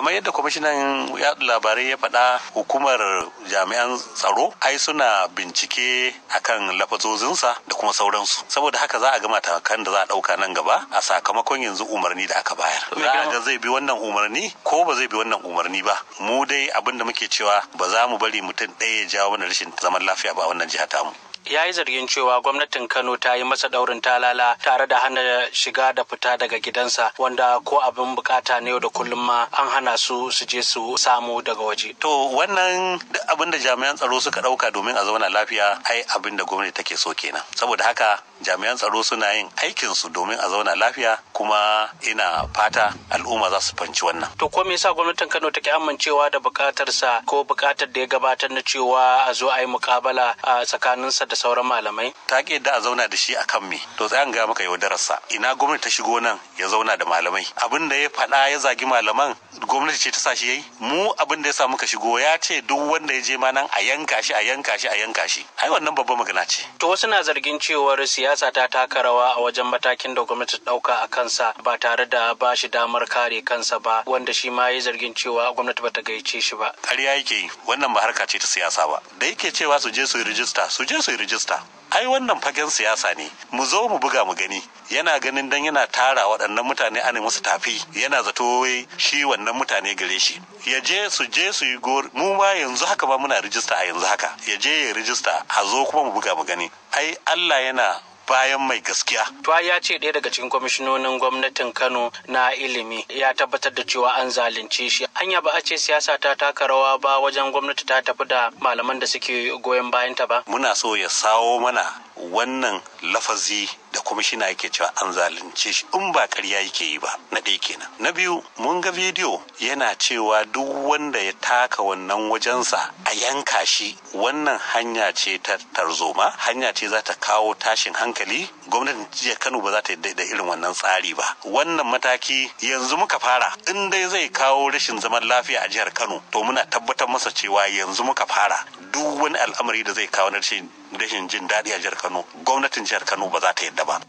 kamar yadda kwamishinan yaɗa labarai ya faɗa hukumar jami'an tsaro ai suna bincike a kan lafazozinsa da kuma sauransu saboda haka za a ga matakan da za a ɗauka nan gaba a sakamakon yanzu umarni da aka bayar za zai bi wannan umarni ko ba zai bi wannan umarni ba mu dai abin da muke cewa ba za mu bari mutum ɗaya ya jawo mana rashin zaman lafiya ba wannan jiha tamu ya yi zargin cewa gwamnatin Kano ta yi masa daurin talala tare da hana shiga da fita daga gidansa wanda ko abin bukata ne da kullum ma an hana su su je su samu daga waje. To wannan abin da jami'an tsaro suka dauka domin a zauna lafiya ai abin da gwamnati take so kenan. Saboda haka jami'an tsaro suna yin aikinsu domin a zauna lafiya kuma ina fata al'umma za su fanci wannan. To ko me yasa gwamnatin Kano take amincewa da bukatarsa ko bukatar da ya gabatar na cewa a zo a yi mukabala a tsakanin sa da sauran malamai? Ta ke da a zauna da shi akan me? To an ga maka sa. Ina gwamnati ta shigo nan ya zauna da malamai. Abin da ya faɗa ya zagi malaman gwamnati ce ta sa shi yayi. Mu abin da ya sa muka shigo ya ce duk wanda ya je ma nan a yanka shi a yanka shi a yanka shi. Ai wannan babban magana ce. To wasu na zargin cewar siyasa ta taka rawa a wajen matakin da gwamnati ɗauka a kansa ba tare da ba shi damar kare kansa ba wanda shi ma ya zargin cewa gwamnati bata gaice shi ba. Ƙarya yake yi wannan ba harka ce ta siyasa ba da yake cewa su je su yi rijista su je su yi rijista. ai wannan fagen siyasa ne mu zo mu buga mu gani yana ganin dan yana tara waɗannan mutane ana musu tafi yana zato shi wannan mutane gare shi ya je su je su yi gor mu ma yanzu haka ba muna rijista a yanzu haka ya je ya rijista a zo kuma mu buga mu gani ai Allah yana bayan mai gaskiya. Tuwa ya ce ɗaya daga cikin kwamishinonin gwamnatin Kano na ilimi ya tabbatar da cewa an zalunce shi. Hanya ba a ce siyasa ta taka rawa ba wajen gwamnati ta tafi da malaman da suke goyon bayanta ba. Muna so ya sawo mana wannan lafazi da na yake cewa an zalunce shi in ba karya yake yi ba na ɗaya kenan na biyu mun ga bidiyo yana cewa duk wanda ya taka wannan wajensa a yanka shi wannan hanya ce ta tarzoma hanya ce za ta kawo tashin hankali gwamnatin jiya kano ba za ta da irin wannan tsari ba wannan mataki yanzu muka fara in dai zai kawo rashin zaman lafiya a jihar kano to muna tabbatar masa cewa yanzu muka fara duk wani al'amari da zai kawo na rashin rashin jin daɗi a jihar Kano gwamnatin jihar Kano ba za ta yadda ba.